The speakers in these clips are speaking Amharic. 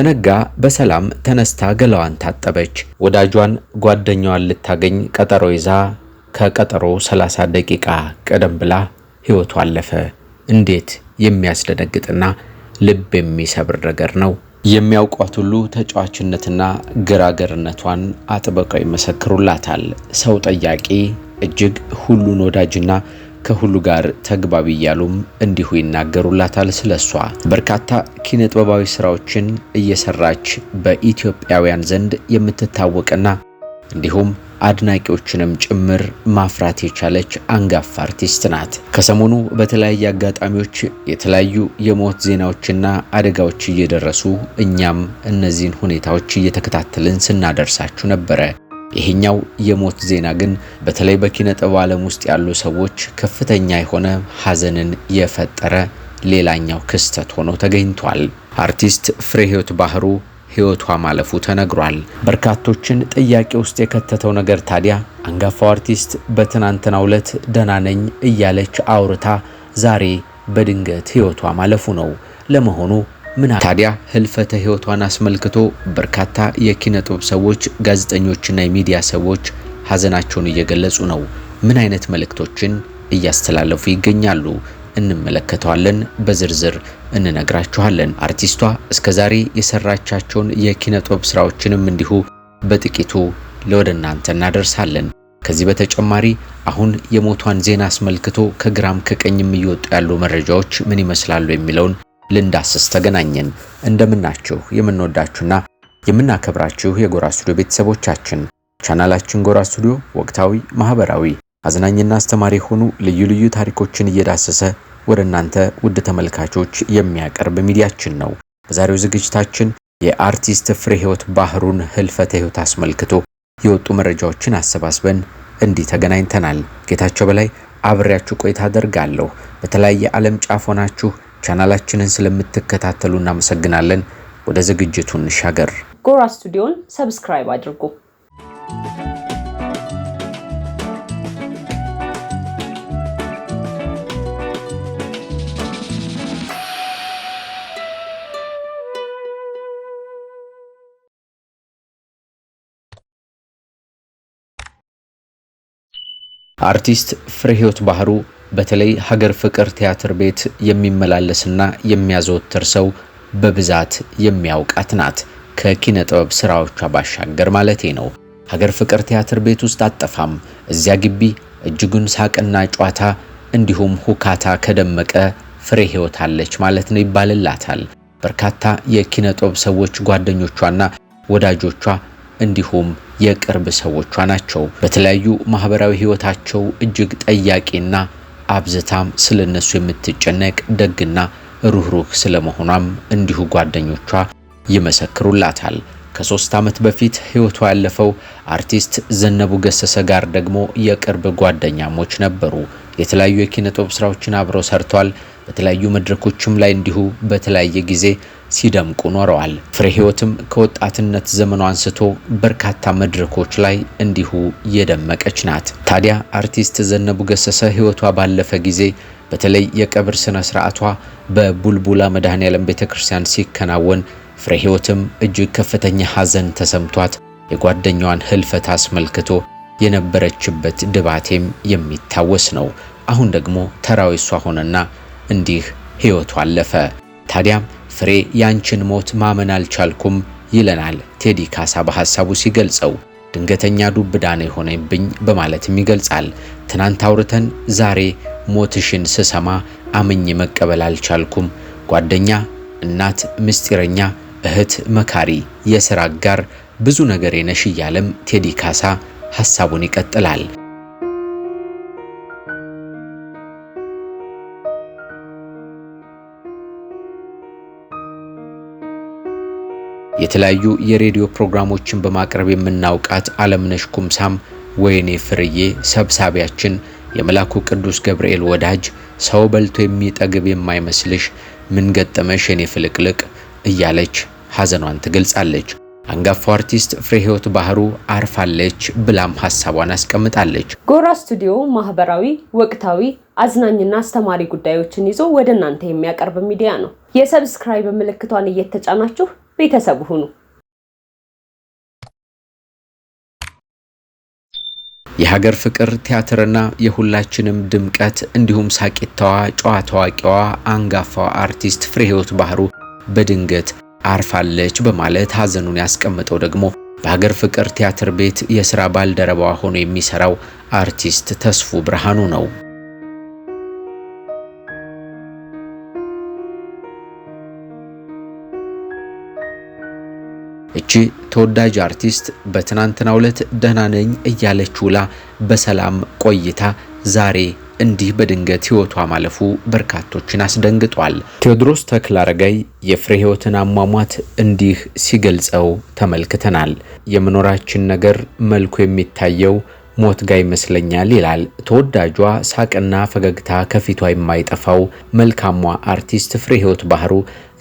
ከነጋ በሰላም ተነስታ ገላዋን ታጠበች። ወዳጇን ጓደኛዋን ልታገኝ ቀጠሮ ይዛ ከቀጠሮ 30 ደቂቃ ቀደም ብላ ሕይወቷ አለፈ። እንዴት የሚያስደነግጥና ልብ የሚሰብር ነገር ነው! የሚያውቋት ሁሉ ተጫዋችነትና ግራገርነቷን አጥብቀው ይመሰክሩላታል። ሰው ጠያቂ እጅግ ሁሉን ወዳጅና ከሁሉ ጋር ተግባቢ እያሉም እንዲሁ ይናገሩላታል። ስለሷ በርካታ ኪነ ጥበባዊ ስራዎችን እየሰራች በኢትዮጵያውያን ዘንድ የምትታወቅና እንዲሁም አድናቂዎችንም ጭምር ማፍራት የቻለች አንጋፋ አርቲስት ናት። ከሰሞኑ በተለያየ አጋጣሚዎች የተለያዩ የሞት ዜናዎችና አደጋዎች እየደረሱ እኛም እነዚህን ሁኔታዎች እየተከታተልን ስናደርሳችሁ ነበረ። ይሄኛው የሞት ዜና ግን በተለይ በኪነ ጥበብ ዓለም ውስጥ ያሉ ሰዎች ከፍተኛ የሆነ ሐዘንን የፈጠረ ሌላኛው ክስተት ሆኖ ተገኝቷል። አርቲስት ፍሬ ባህሩ ህይወቷ ማለፉ ተነግሯል። በርካቶችን ጥያቄ ውስጥ የከተተው ነገር ታዲያ አንጋፋው አርቲስት በትናንትናው ዕለት ደህና ነኝ እያለች አውርታ ዛሬ በድንገት ህይወቷ ማለፉ ነው። ለመሆኑ ምን ታዲያ ህልፈተ ህይወቷን አስመልክቶ በርካታ የኪነ ጥበብ ሰዎች፣ ጋዜጠኞችና የሚዲያ ሰዎች ሀዘናቸውን እየገለጹ ነው። ምን አይነት መልእክቶችን እያስተላለፉ ይገኛሉ? እንመለከተዋለን። በዝርዝር እንነግራችኋለን። አርቲስቷ እስከዛሬ የሰራቻቸውን የኪነ ጥበብ ስራዎችንም እንዲሁ በጥቂቱ ለወደ እናንተ እናደርሳለን። ከዚህ በተጨማሪ አሁን የሞቷን ዜና አስመልክቶ ከግራም ከቀኝም እየወጡ ያሉ መረጃዎች ምን ይመስላሉ የሚለውን ልንዳስስ ተገናኘን። እንደምናችሁ የምንወዳችሁና የምናከብራችሁ የጎራ ስቱዲዮ ቤተሰቦቻችን ቻናላችን ጎራ ስቱዲዮ ወቅታዊ፣ ማህበራዊ፣ አዝናኝና አስተማሪ የሆኑ ልዩ ልዩ ታሪኮችን እየዳሰሰ ወደ እናንተ ውድ ተመልካቾች የሚያቀርብ ሚዲያችን ነው። በዛሬው ዝግጅታችን የአርቲስት ፍሬ ህይወት ባህሩን ህልፈተ ህይወት አስመልክቶ የወጡ መረጃዎችን አሰባስበን እንዲህ ተገናኝተናል። ጌታቸው በላይ አብሬያችሁ ቆይታ አደርጋለሁ። በተለያየ ዓለም ጫፍ ሆናችሁ ቻናላችንን ስለምትከታተሉ እናመሰግናለን። ወደ ዝግጅቱ እንሻገር። ጎራ ስቱዲዮን ሰብስክራይብ አድርጉ። አርቲስት ፍሬህይወት ባህሩ በተለይ ሀገር ፍቅር ቲያትር ቤት የሚመላለስና የሚያዘወትር ሰው በብዛት የሚያውቃት ናት። ከኪነ ጥበብ ስራዎቿ ባሻገር ማለቴ ነው። ሀገር ፍቅር ቲያትር ቤት ውስጥ አጠፋም። እዚያ ግቢ እጅጉን ሳቅና ጨዋታ እንዲሁም ሁካታ ከደመቀ ፍሬ ህይወት አለች ማለት ነው ይባልላታል። በርካታ የኪነ ጥበብ ሰዎች ጓደኞቿና ወዳጆቿ እንዲሁም የቅርብ ሰዎቿ ናቸው። በተለያዩ ማህበራዊ ህይወታቸው እጅግ ጠያቂና አብዝታም ስለ እነሱ የምትጨነቅ ደግና ሩህሩህ ስለመሆኗም እንዲሁ ጓደኞቿ ይመሰክሩላታል። ከሶስት ዓመት በፊት ህይወቷ ያለፈው አርቲስት ዘነቡ ገሰሰ ጋር ደግሞ የቅርብ ጓደኛሞች ነበሩ። የተለያዩ የኪነ ጥበብ ስራዎችን አብረው ሰርተዋል። በተለያዩ መድረኮችም ላይ እንዲሁ በተለያየ ጊዜ ሲደምቁ ኖረዋል። ፍሬ ህይወትም ከወጣትነት ዘመኗ አንስቶ በርካታ መድረኮች ላይ እንዲሁ የደመቀች ናት። ታዲያ አርቲስት ዘነቡ ገሰሰ ህይወቷ ባለፈ ጊዜ በተለይ የቀብር ስነ ስርዓቷ በቡልቡላ መድኃኔዓለም ቤተ ክርስቲያን ሲከናወን ፍሬ ህይወትም እጅግ ከፍተኛ ሐዘን ተሰምቷት የጓደኛዋን ህልፈት አስመልክቶ የነበረችበት ድባቴም የሚታወስ ነው። አሁን ደግሞ ተራዊሷ እሷ ሆነና እንዲህ ህይወቷ አለፈ። ታዲያ ፍሬ ያንቺን ሞት ማመን አልቻልኩም ይለናል ቴዲ ካሳ በሐሳቡ ሲገልጸው። ድንገተኛ ዱብዳ ነው የሆነብኝ በማለትም ይገልጻል። ትናንት አውርተን ዛሬ ሞትሽን ስሰማ አምኜ መቀበል አልቻልኩም። ጓደኛ፣ እናት፣ ምስጢረኛ፣ እህት፣ መካሪ፣ የሥራ አጋር ብዙ ነገር የነሽ እያለም ቴዲ ካሳ ሐሳቡን ይቀጥላል። የተለያዩ የሬዲዮ ፕሮግራሞችን በማቅረብ የምናውቃት አለምነሽ ኩምሳም ወይኔ ፍርዬ ሰብሳቢያችን የመላኩ ቅዱስ ገብርኤል ወዳጅ ሰው በልቶ የሚጠግብ የማይመስልሽ ምን ገጠመሽ የኔ ፍልቅልቅ እያለች ሐዘኗን ትገልጻለች። አንጋፋው አርቲስት ፍሬህይወት ባህሩ አርፋለች ብላም ሀሳቧን አስቀምጣለች። ጎራ ስቱዲዮ ማህበራዊ፣ ወቅታዊ፣ አዝናኝና አስተማሪ ጉዳዮችን ይዞ ወደ እናንተ የሚያቀርብ ሚዲያ ነው። የሰብስክራይብ ምልክቷን እየተጫናችሁ ቤተሰብ ሁኑ። የሀገር ፍቅር ቲያትርና የሁላችንም ድምቀት እንዲሁም ሳቂታዋ ጨዋ ታዋቂዋ አንጋፋዋ አርቲስት ፍሬህይወት ባህሩ በድንገት አርፋለች በማለት ሀዘኑን ያስቀምጠው ደግሞ በሀገር ፍቅር ቲያትር ቤት የስራ ባልደረባዋ ሆኖ የሚሰራው አርቲስት ተስፉ ብርሃኑ ነው። እቺ ተወዳጅ አርቲስት በትናንትናው ዕለት ደህና ነኝ እያለች ውላ በሰላም ቆይታ ዛሬ እንዲህ በድንገት ህይወቷ ማለፉ በርካቶችን አስደንግጧል። ቴዎድሮስ አረጋይ የፍሬ ህይወትን አሟሟት እንዲህ ሲገልጸው ተመልክተናል። የመኖራችን ነገር መልኩ የሚታየው ሞት ጋ ይመስለኛል ይላል ተወዳጇ ሳቅና ፈገግታ ከፊቷ የማይጠፋው መልካሟ አርቲስት ፍሬ ህይወት ባህሩ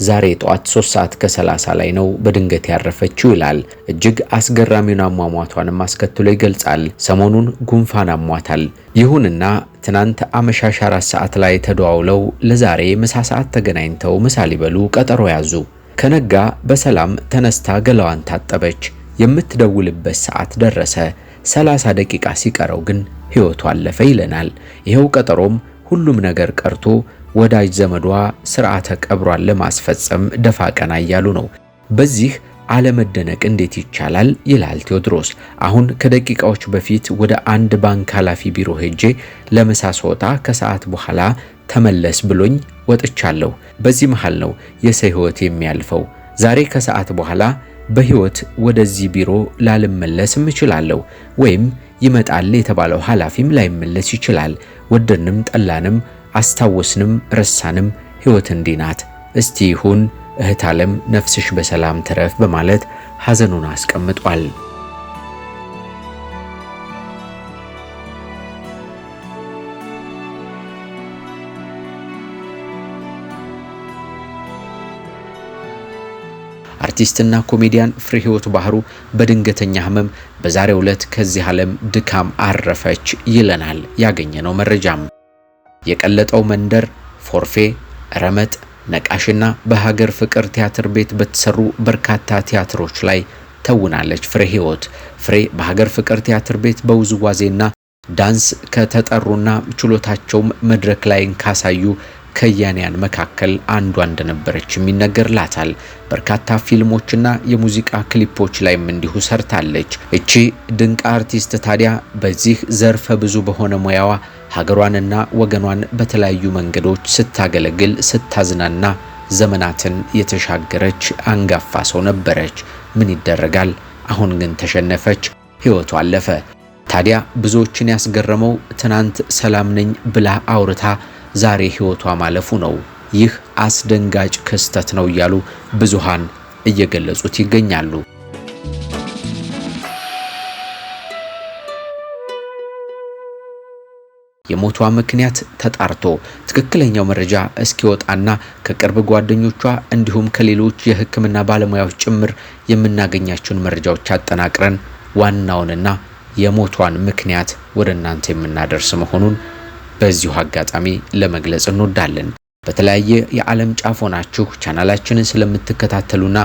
ዛሬ ጠዋት 3 ሰዓት ከ30 ላይ ነው በድንገት ያረፈችው ይላል። እጅግ አስገራሚውን አሟሟቷንም አስከትሎ ይገልጻል። ሰሞኑን ጉንፋን አሟታል። ይሁንና ትናንት አመሻሽ አራት ሰዓት ላይ ተደዋውለው ለዛሬ ምሳ ሰዓት ተገናኝተው ምሳ ሊበሉ ቀጠሮ ያዙ። ከነጋ በሰላም ተነስታ ገላዋን ታጠበች። የምትደውልበት ሰዓት ደረሰ። 30 ደቂቃ ሲቀረው ግን ሕይወቱ አለፈ ይለናል። ይኸው ቀጠሮም ሁሉም ነገር ቀርቶ ወዳጅ ዘመዷ ስርዓተ ቀብሯን ለማስፈጸም ደፋ ቀና እያሉ ነው። በዚህ አለመደነቅ እንዴት ይቻላል ይላል ቴዎድሮስ። አሁን ከደቂቃዎች በፊት ወደ አንድ ባንክ ኃላፊ ቢሮ ሄጄ ለምሳ ስወጣ ከሰዓት በኋላ ተመለስ ብሎኝ ወጥቻለሁ። በዚህ መሃል ነው የሰው ሕይወት የሚያልፈው። ዛሬ ከሰዓት በኋላ በህይወት ወደዚህ ቢሮ ላልመለስም እችላለሁ ወይም ይመጣል የተባለው ኃላፊም ላይመለስ ይችላል። ወደንም ጠላንም አስታወስንም ረሳንም ህይወት እንዲህ ናት። እስቲ ይሁን እህት ዓለም ነፍስሽ በሰላም ትረፍ በማለት ሐዘኑን አስቀምጧል። አርቲስትና ኮሜዲያን ፍሬ ህይወት ባህሩ በድንገተኛ ህመም በዛሬው ዕለት ከዚህ ዓለም ድካም አረፈች ይለናል ያገኘነው መረጃም። የቀለጠው መንደር፣ ፎርፌ፣ ረመጥ፣ ነቃሽና በሀገር ፍቅር ቲያትር ቤት በተሰሩ በርካታ ቲያትሮች ላይ ተውናለች። ፍሬ ህይወት ፍሬ በሀገር ፍቅር ቲያትር ቤት በውዝዋዜና ዳንስ ከተጠሩና ችሎታቸውም መድረክ ላይ ካሳዩ ከያንያን መካከል አንዷ እንደነበረችም ይነገርላታል። በርካታ ፊልሞችና የሙዚቃ ክሊፖች ላይም እንዲሁ ሰርታለች። እቺ ድንቅ አርቲስት ታዲያ በዚህ ዘርፈ ብዙ በሆነ ሙያዋ ሀገሯንና ወገኗን በተለያዩ መንገዶች ስታገለግል ስታዝናና ዘመናትን የተሻገረች አንጋፋ ሰው ነበረች። ምን ይደረጋል፣ አሁን ግን ተሸነፈች፣ ሕይወቷ አለፈ። ታዲያ ብዙዎችን ያስገረመው ትናንት ሰላም ነኝ ብላ አውርታ ዛሬ ህይወቷ ማለፉ ነው። ይህ አስደንጋጭ ክስተት ነው እያሉ ብዙሃን እየገለጹት ይገኛሉ። የሞቷ ምክንያት ተጣርቶ ትክክለኛው መረጃ እስኪወጣና ከቅርብ ጓደኞቿ እንዲሁም ከሌሎች የሕክምና ባለሙያዎች ጭምር የምናገኛቸውን መረጃዎች አጠናቅረን ዋናውንና የሞቷን ምክንያት ወደ እናንተ የምናደርስ መሆኑን በዚሁ አጋጣሚ ለመግለጽ እንወዳለን። በተለያየ የዓለም ጫፍ ሆናችሁ ቻናላችንን ስለምትከታተሉና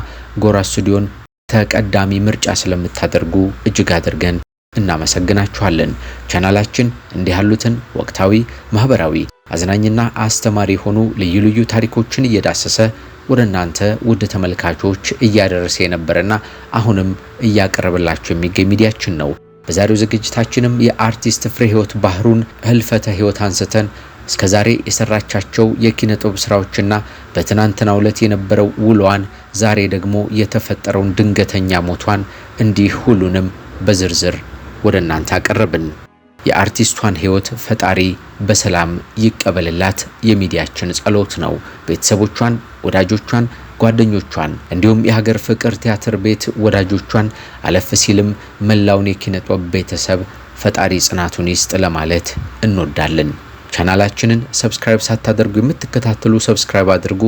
ጎራ ስቱዲዮን ተቀዳሚ ምርጫ ስለምታደርጉ እጅግ አድርገን እናመሰግናችኋለን። ቻናላችን እንዲህ ያሉትን ወቅታዊ፣ ማህበራዊ፣ አዝናኝና አስተማሪ የሆኑ ልዩ ልዩ ታሪኮችን እየዳሰሰ ወደ እናንተ ውድ ተመልካቾች እያደረሰ የነበረና አሁንም እያቀረበላችሁ የሚገኝ ሚዲያችን ነው። በዛሬው ዝግጅታችንም የአርቲስት ፍሬ ህይወት ባህሩን ህልፈተ ህይወት አንስተን እስከ ዛሬ የሰራቻቸው የኪነ ጥበብ ስራዎችና በትናንትና ዕለት የነበረው ውሏን፣ ዛሬ ደግሞ የተፈጠረውን ድንገተኛ ሞቷን እንዲህ ሁሉንም በዝርዝር ወደ እናንተ አቀረብን። የአርቲስቷን ህይወት ፈጣሪ በሰላም ይቀበልላት የሚዲያችን ጸሎት ነው። ቤተሰቦቿን፣ ወዳጆቿን ጓደኞቿን እንዲሁም የሀገር ፍቅር ቲያትር ቤት ወዳጆቿን አለፍ ሲልም መላውን የኪነ ቤተሰብ ፈጣሪ ጽናቱን ይስጥ ለማለት እንወዳለን። ቻናላችንን ሰብስክራይብ ሳታደርጉ የምትከታተሉ ሰብስክራይብ አድርጉ።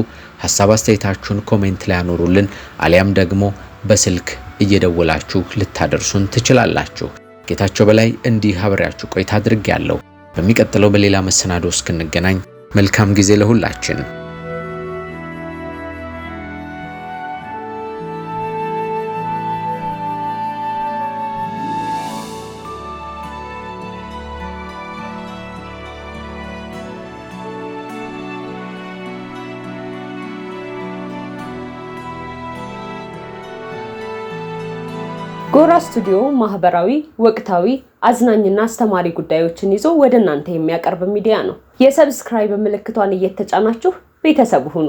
ሀሳብ አስተያየታችሁን ኮሜንት ላይ አኖሩልን አሊያም ደግሞ በስልክ እየደወላችሁ ልታደርሱን ትችላላችሁ። ጌታቸው በላይ እንዲህ አብሬያችሁ ቆይታ አድርጌያለሁ። በሚቀጥለው በሌላ መሰናዶ እስክንገናኝ መልካም ጊዜ ለሁላችን። ጎራ ስቱዲዮ ማህበራዊ፣ ወቅታዊ፣ አዝናኝና አስተማሪ ጉዳዮችን ይዞ ወደ እናንተ የሚያቀርብ ሚዲያ ነው። የሰብስክራይብ ምልክቷን እየተጫናችሁ ቤተሰብ ሁኑ።